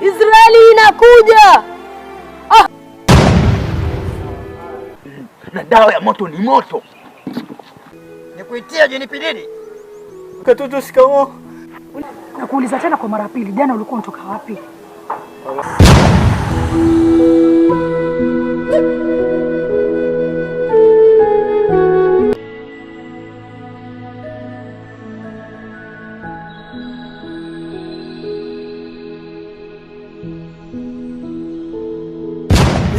Israeli inakuja ah. Na dawa ya moto ni moto, nikuitia jenipididi katoto. sikamo. Nakuuliza tena kwa mara pili, jana ulikuwa unatoka wapi?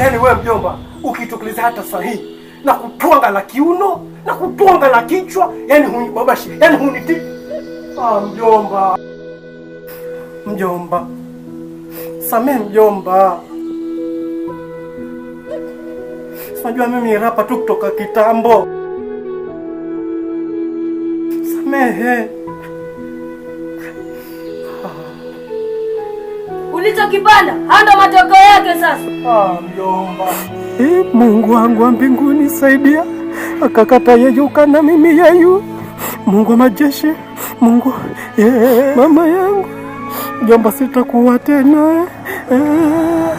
Yaani wewe mjomba, ukitukuliza hata sahihi na kuponga la kiuno na kuponga la kichwa, yani hunibabashi, yani huniti. Ah, mjomba, mjomba, samee mjomba. Unajua mimi rapa tu kutoka kitambo, samehe. ulicho kipanda hando matokeo yake sasa. Ah, mjomba. Eh, Mungu wangu wa mbinguni saidia, akakata yeyuka na mimi yeyu. Mungu wa majeshi, Mungu yeah. Mama yangu mjomba, sitakuwa tena eh. eh.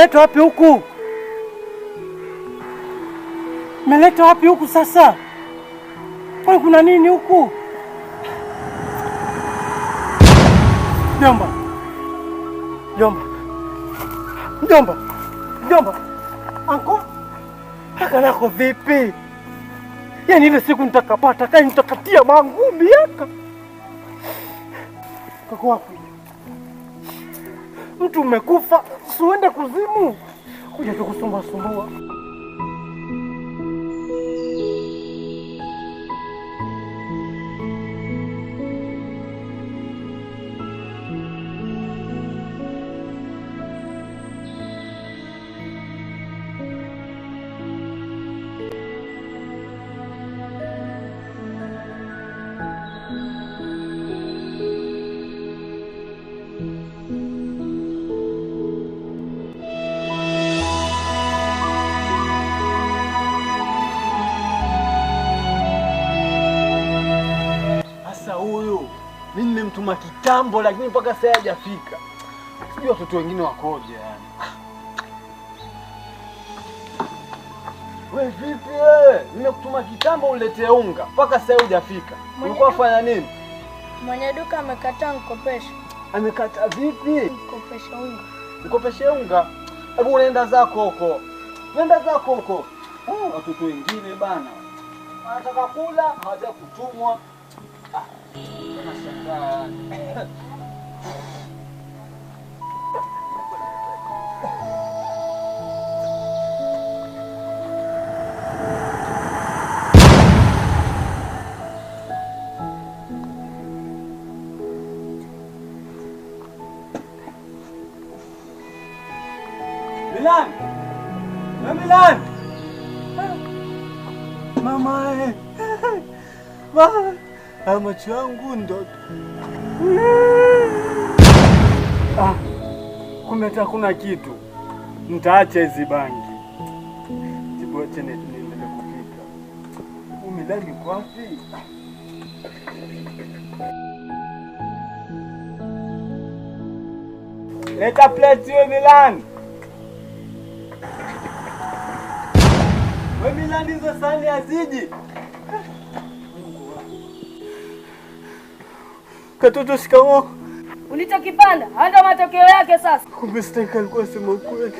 Mmeletwa wapi huku? Mmeletwa wapi huku sasa? Kwa kuna nini huku? Jomba. Jomba. Jomba. Jomba. anko Paka nako vipi? Yaani ile siku nitakapata kai nitakatia mangumi yaka kako wako mtu umekufa siuende kuzimu kuja tukusumbua sumbua. mimi nimemtuma kitambo, lakini mpaka sasa hajafika. Sijui watoto wengine wakoje yani. We vipi wewe? Eh? Nimekutuma kitambo ulete unga, mpaka sasa hujafika. Ulikuwa fanya nini? Mwenye duka amekataa nikopeshe. Amekataa vipi? Nikopeshe unga. Nikopeshe unga. Hebu unaenda zako huko. Nenda zako huko. Oh. Watoto wengine bana wanataka kula, hawaja kutumwa Milan! Ở Milan! Mama ơi! Mama! Ah, macho yangu ndo ah, kumbe hata kuna kitu. Mtaacha hizi bangi jiboche kupika umilani kwapi? Leta plate we Milan. we Milan hizo sahani aziji. Katoto shikamoo. Ulichokipanda ndio matokeo yake sasa. Kumbe Stahiki alikuwa sema kweli.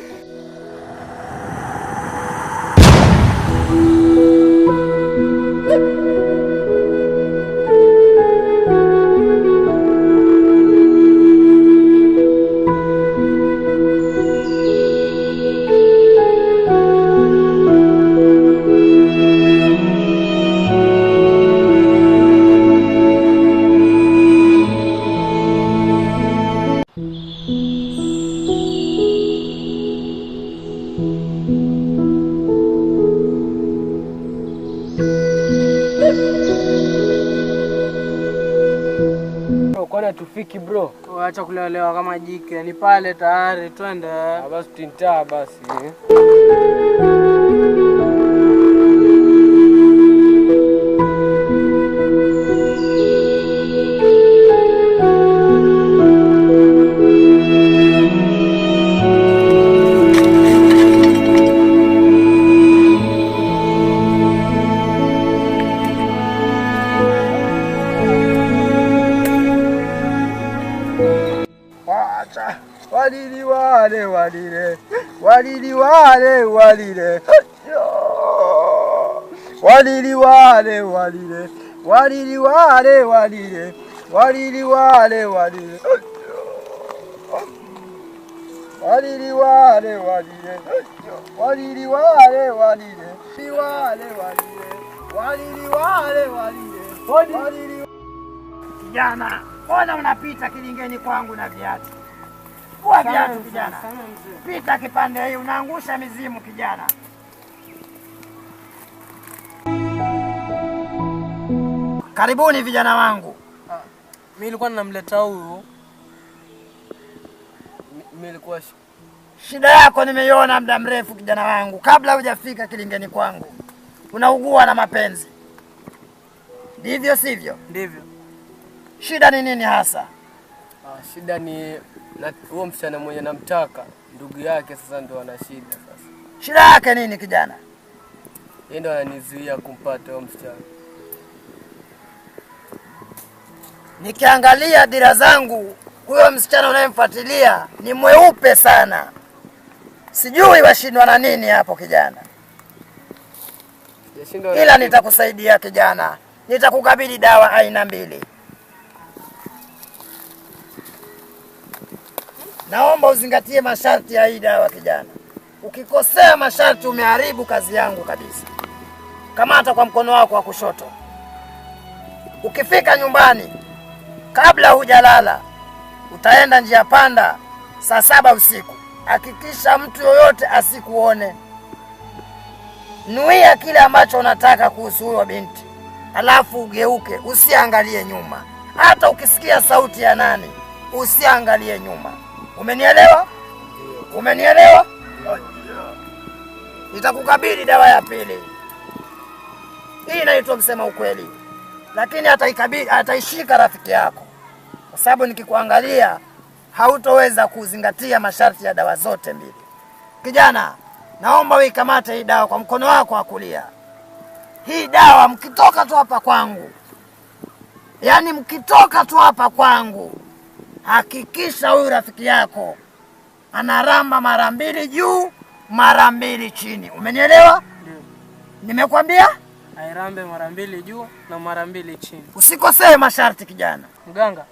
rafiki bro. Acha kulelewa kama jike, ni pale tayari, twende. Basi tintaa eh. basi. walili wale walile walili wale walile walili wale walile walili wale walile walili wale walile walili wale walile walili wale walile walili wale walile walili. Kijana, mbona unapita kilingeni kwangu na viatu? Chukua viatu kijana, pita kipande hii, unaangusha mizimu kijana. Karibuni vijana wangu. Mimi ah, nilikuwa ninamleta huyu. Mimi nilikuwa shida yako nimeiona muda mrefu kijana wangu, kabla hujafika kilingeni kwangu unaugua na mapenzi, ndivyo sivyo? Ndivyo. Shida ni nini hasa? Ah, shida ni na huo msichana mwenye namtaka ndugu yake, sasa ndo ana shida. Sasa shida yake nini? Kijana yeye ndo ananizuia kumpata huo msichana. Nikiangalia dira zangu, huyo msichana unayemfuatilia ni mweupe sana, sijui washindwa na nini hapo kijana, ila nitakusaidia kijana, nitakukabidhi dawa aina mbili Naomba uzingatie masharti ya hii dawa kijana. Ukikosea masharti, umeharibu kazi yangu kabisa. Kamata kwa mkono wako wa kushoto. Ukifika nyumbani, kabla hujalala, utaenda njia panda saa saba usiku. Hakikisha mtu yoyote asikuone. Nuia kile ambacho unataka kuhusu huyo binti, alafu ugeuke, usiangalie nyuma. Hata ukisikia sauti ya nani, usiangalie nyuma. Umenielewa? Umenielewa? Nitakukabili dawa ya pili. Hii inaitwa msema ukweli, lakini ataikabili, ataishika rafiki yako, kwa sababu nikikuangalia hautoweza kuzingatia masharti ya dawa zote mbili. Kijana, naomba uikamate hii dawa kwa mkono wako wa kulia. Hii dawa mkitoka tu hapa kwangu, yaani mkitoka tu hapa kwangu hakikisha huyu rafiki yako anaramba mara mbili juu mara mbili chini. Umenielewa? Nimekwambia airambe mara mbili juu na mara mbili chini. Usikosee masharti kijana. Mganga,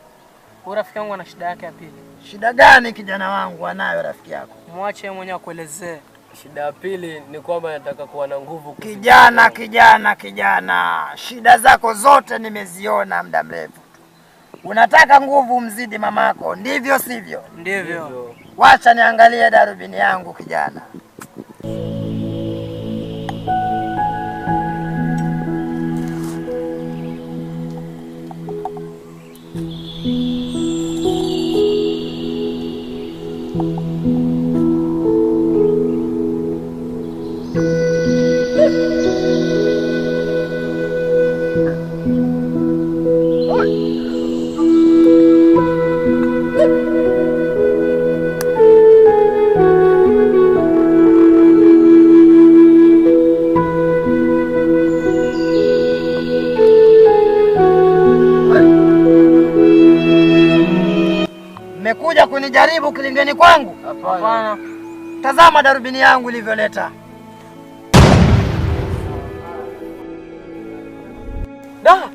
huyu rafiki yangu ana shida yake ya pili. Shida gani kijana wangu anayo rafiki yako? Mwache mwenyewe akuelezee. Shida ya pili ni kwamba nataka kuwa na nguvu. Kijana, kijana, kijana, shida zako zote nimeziona muda mrefu. Unataka nguvu mzidi mamako, ndivyo sivyo? Ndivyo. Wacha niangalie darubini yangu kijana. hapo kilindweni kwangu? Hapana. Tazama darubini yangu ilivyoleta. Da,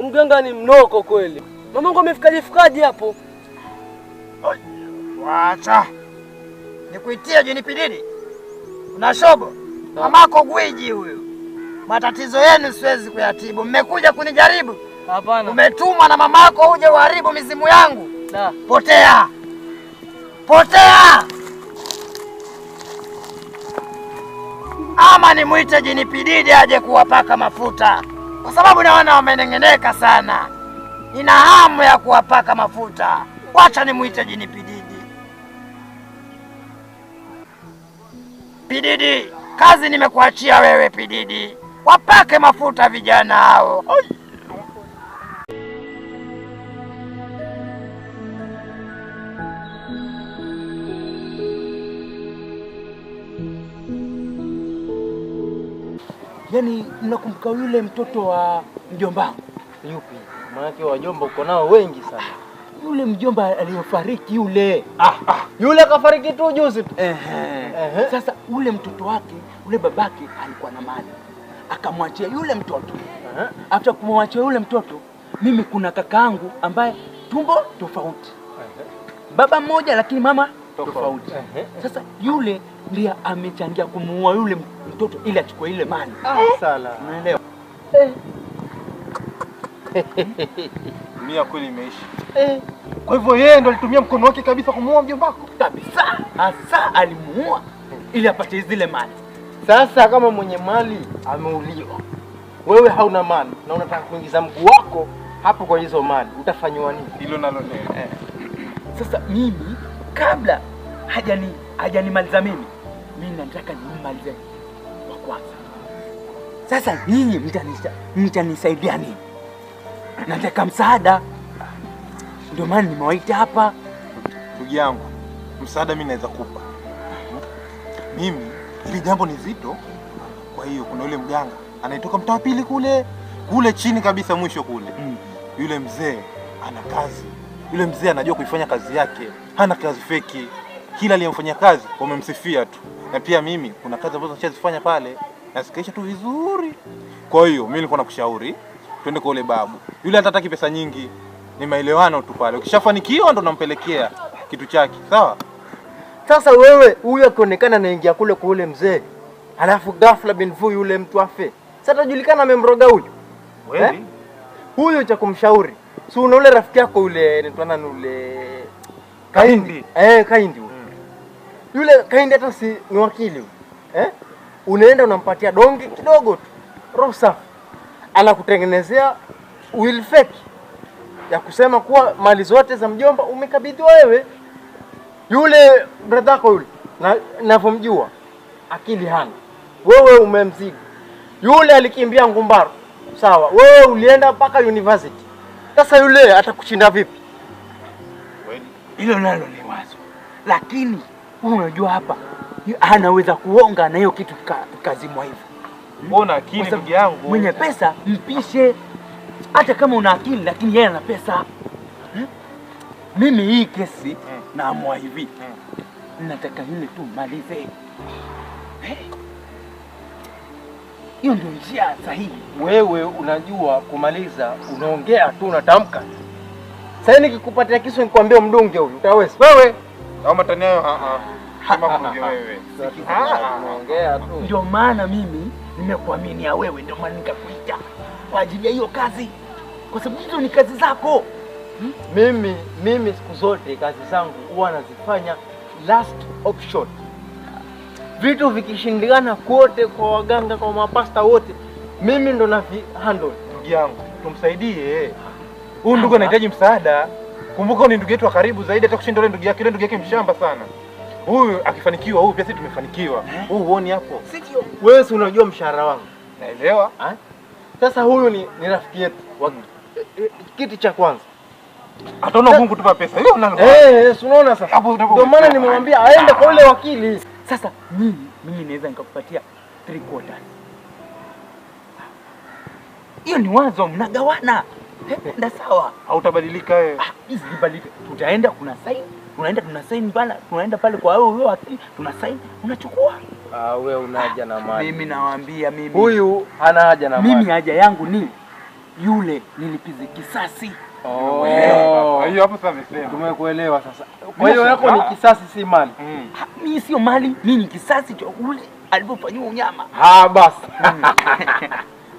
mganga ni mnoko kweli. Mamangu amefikaje fikaje hapo? Wacha nikuitia jenipididi na shobo. Mamako gwiji huyu, matatizo yenu siwezi kuyatibu. Mmekuja kunijaribu? Hapana. Umetumwa na mamako uje uharibu mizimu yangu? Da. Potea potea ama nimwite jinipididi aje kuwapaka mafuta, kwa sababu naona wamenengeneka sana. Nina hamu ya kuwapaka mafuta, wacha nimwite jinipididi. Pididi, kazi nimekuachia wewe. Pididi, wapake mafuta vijana hao. yani mnakumbuka yule mtoto wa mjombangu. Yupi? Maanake wajomba uko nao wengi sana. Yule mjomba aliyofariki yule. Ah, ah. Yule kafariki tu juzi tu. Ehe. Ehe. Sasa ule mtoto wake, ule babake alikuwa na mali. Akamwachia yule mtoto. eh. Hata kumwachia yule mtoto, mimi kuna kakaangu ambaye tumbo tofauti. Baba mmoja lakini mama tofauti. Sasa yule ndiye amechangia kumuua yule mtoto ili achukue ile mali. Ah, sala. Unaelewa? Eh. Mimi kweli imeishi. Eh. Kwa hivyo yeye ndo alitumia mkono wake kabisa kumuua mjomba wako. Kabisa. Hasa alimuua ili apate zile mali. Sasa kama mwenye mali ameuliwa, wewe hauna mali na unataka kuingiza mguu wako hapo kwa hizo mali, utafanywa nini? Hilo nalo Eh. Sasa mimi kabla hajani hajanimaliza mimi, mimi nataka nimmalize wa kwanza. Sasa nyinyi mtanisaidia nini? Nataka msaada, ndio maana nimewaita hapa. Ndugu yangu, msaada mimi naweza kupa mimi, hili jambo ni zito. Kwa hiyo kuna yule mganga anaitoka mtaa pili kule kule chini kabisa mwisho kule, mm. Yule mzee ana kazi yule mzee anajua kuifanya kazi yake, hana kazi feki. Kila aliyemfanyia kazi wamemsifia tu, na pia mimi kuna kazi ambazo nishazifanya pale na tu vizuri. Kwa hiyo mimi nilikuwa nakushauri twende kwa yule babu yule, hatataki pesa nyingi, ni maelewano tu pale. Ukishafanikiwa ndo nampelekea kitu chake, sawa? Sasa wewe huyo akionekana anaingia kule kwa yule mzee, alafu ghafla binvu yule mtu afe, sasa tajulikana amemroga huyu eh? huyu, cha kumshauri si una ule rafiki yako ule nitwana ule Kaindi eh, Kaindi mm. Yule Kaindi hata si ni wakili eh? Unaenda unampatia donge kidogo tu, Rosa. anakutengenezea will fake ya kusema kuwa mali zote za mjomba umekabidhiwa wewe. Yule brother yako yule navyomjua, akili hana, wewe umemzigi yule. Alikimbia Ngumbaru, sawa, wewe ulienda mpaka university sasa yule atakushinda vipi? Hilo nalo ni wazo, lakini wewe unajua hapa anaweza kuonga na hiyo kitu kazimwa hivyo. Mbona hmm? akili ndugu yangu, mwenye pesa mpishe, hata kama una akili, lakini yeye ana pesa. Hmm? Mimi hii kesi hmm, naamua hivi hmm, nataka yule tu malize, hey hiyo ndio njia sahihi. Wewe unajua kumaliza, unaongea tu, unatamka. Sasa nikikupatia kisu nikwambie mdunge huyu, utaweza wewe Naomba tani hayo? Ah, ah. ah. Unaongea tu. Ndio maana mimi nimekuaminia wewe, ndio maana nikakuita kwa ajili ya hiyo kazi, kwa sababu hizo ni kazi zako. Hmm? Mimi mimi siku zote kazi zangu huwa nazifanya last option vitu vikishindikana kote kwa waganga, kwa mapasta wote, mimi ndo na handle. Ndugu yangu tumsaidie huyu ndugu, anahitaji msaada. Kumbuka ni ndugu yetu wa karibu zaidi, hata kushinda yule ndugu yake. Yule ndugu yake mshamba sana. Huyu akifanikiwa, huyu pia sisi tumefanikiwa. Eh? Huyu huoni hapo, wewe si unajua mshahara wangu? Naelewa. Ah? Sasa huyu ni, ni rafiki yetu hmm. Eh, eh, Kitu cha kwanza ataona Mungu tupa pesa, Eh, unaona sasa. Ndio maana nimemwambia aende kwa yule wakili. Sasa mimi mimi naweza nikakupatia three quarters. Hiyo ni wazo, mnagawana nda sawa, hautabadilika wewe. Ah, hizi zibadilike, tutaenda kuna sign unaenda tuna sign bana, tunaenda pale kwa wewe wewe akili, tuna sign unachukua. Ah, wewe unaja na mali. Mimi nawaambia mimi. Huyu hana haja na mali. Mimi haja yangu ni yule nilipize kisasi. Oh. Wewe hiyo hapo sasa amesema. Tumekuelewa sasa. Kwa hiyo yako ni kisasi, si mali. Mm. Mimi sio mali, mimi ni kisasi cha ule alivyofanyiwa unyama. Ah, basi. Mm.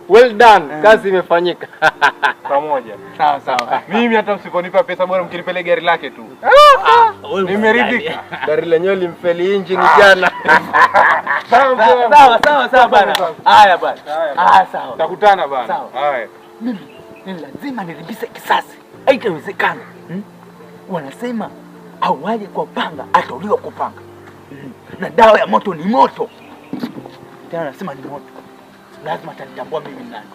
Well done. Mm. Kazi imefanyika. Pamoja. Sawa sawa. Mimi hata msiponipa pesa bora mkinipelee gari lake tu. Ah, ah. Ah, Nimeridhika. Gari lenyewe limfeli injini jana. Sawa sawa sawa sawa bana. Haya bana. Ah, sawa. Takutana bana. Haya. Mimi ni lazima nilipise kisasi. Haitawezekana wanasema auaje kwa panga atauliwa kwa panga na dawa ya moto ni moto tena, anasema ni moto, lazima atanitambua mimi nani.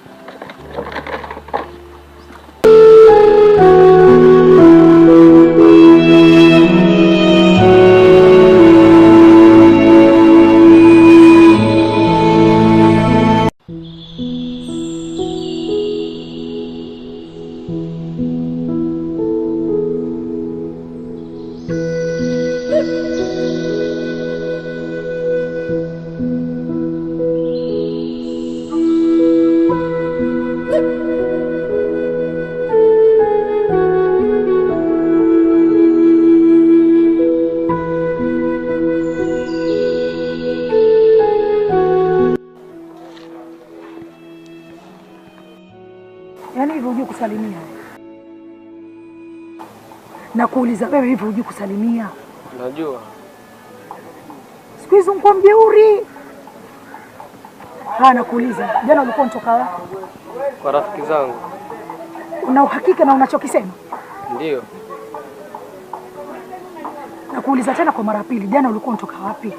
hujui kusalimia na kuuliza wewe hivi hujui kusalimia? Najua siku hizi mko mjeuri. Ah, nakuuliza jana ulikuwa unatoka wapi? Kwa rafiki zangu. Una uhakika na unachokisema? Ndio. Nakuuliza tena kwa mara pili, jana ulikuwa unatoka wapi?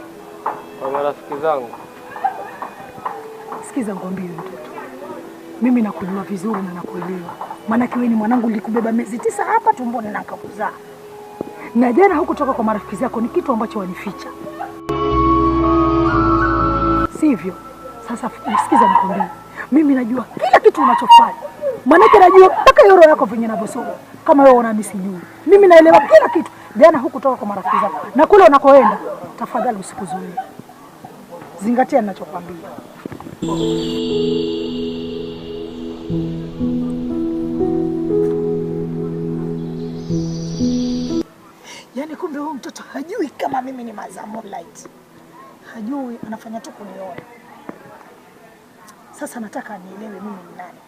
Kwa marafiki zangu. Sikiza ngwambie mtoto mimi nakujua vizuri na nakuelewa, maanake wewe ni mwanangu, nilikubeba miezi tisa hapa tumboni na nikakuzaa, na jana hukutoka kwa marafiki zako ni kitu ambacho wanificha, sivyo? Sasa sikiza nikwambie, mimi najua kila kitu unachofanya, maanake najua mpaka yoro yako venye navyosoma kama wewe unami sijui, mimi naelewa kila kitu. Jana hukutoka kwa marafiki zako na kule unakoenda, tafadhali usikuzuie, zingatia ninachokwambia. Yaani kumbe huyu mtoto hajui kama mimi ni Mazamu Light. Hajui, anafanya tu kuniona. Sasa nataka nielewe mimi ni nani.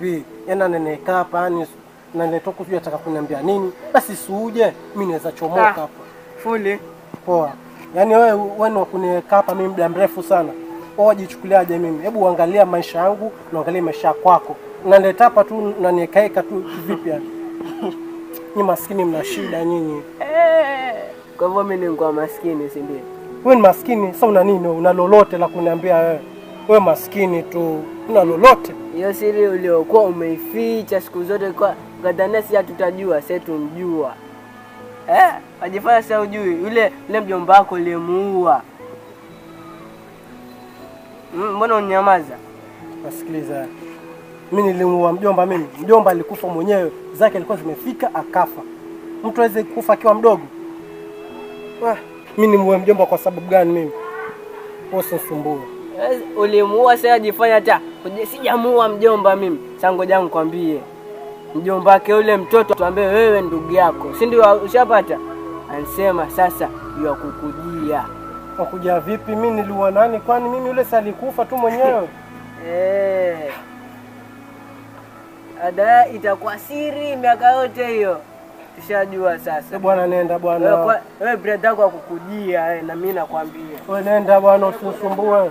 vipi? Yana yaani anenekaa hapa yani na nilitoka sijui ataka kuniambia nini, basi suje, mimi naweza chomoka ah, hapa. Fuli. Poa. Yaani wewe wewe wa kuniweka hapa mimi muda mrefu sana. Wewe jichukuliaje mimi? Hebu angalia maisha yangu na angalia maisha kwako. leta hapa tu na nikaeka tu vipi yani? Ni maskini mna shida nyinyi. Eh, kwa hivyo mimi ni kwa maskini si ndio? Wewe ni maskini, sasa una nini? Una lolote la kuniambia wewe? we maskini tu, una lolote? Hiyo siri uliokuwa umeificha siku zote kwa kadhania, si hatutajua sasa, tumjua eh, Wajifanya sasa ujui yule yule mjomba wako uliyemuua. Mm, mbona unyamaza? Nasikiliza, mi nilimuua mjomba? Mimi mjomba alikufa mwenyewe, zake alikuwa zimefika akafa. Mtu aweze kufa akiwa mdogo? Ah, mi nimuue mjomba kwa sababu gani? Mimi usinisumbue. Ulimuua sasa ajifanya hata sijamuua mjomba mimi. Sasa ngoja nikwambie, mjomba wake yule mtoto tuambie wewe ndugu yako, si ndio? Ushapata? Ansema sasa ya kukujia. Wakuja vipi? Mimi niliua nani? Kwani mimi yule salikufa tu mwenyewe eh. Ada itakuwa siri miaka yote hiyo. Tushajua sasa. Eh, bwana nenda bwana. Wewe brada yako akukujia eh, na mimi nakwambia. Wewe nenda bwana, usisumbue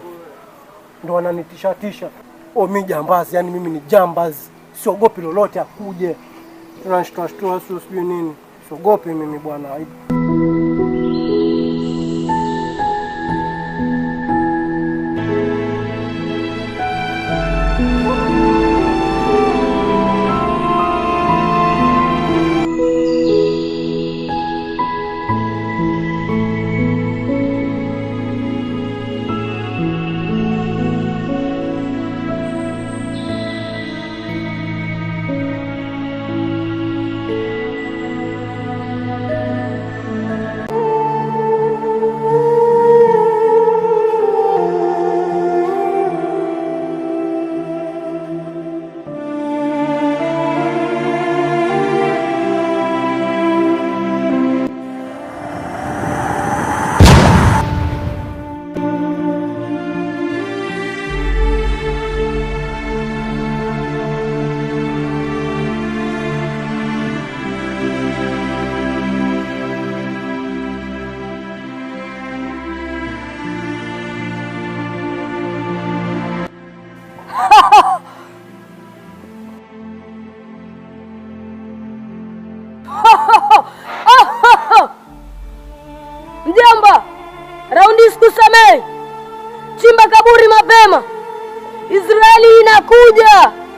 ndo wananitishatisha. o mi jambazi, yani mimi ni jambazi, siogopi lolote, akuje tunashtuashtua, sio sijui nini, siogopi mimi bwana. Raundi sikusamehe, chimba kaburi mapema, Israeli inakuja.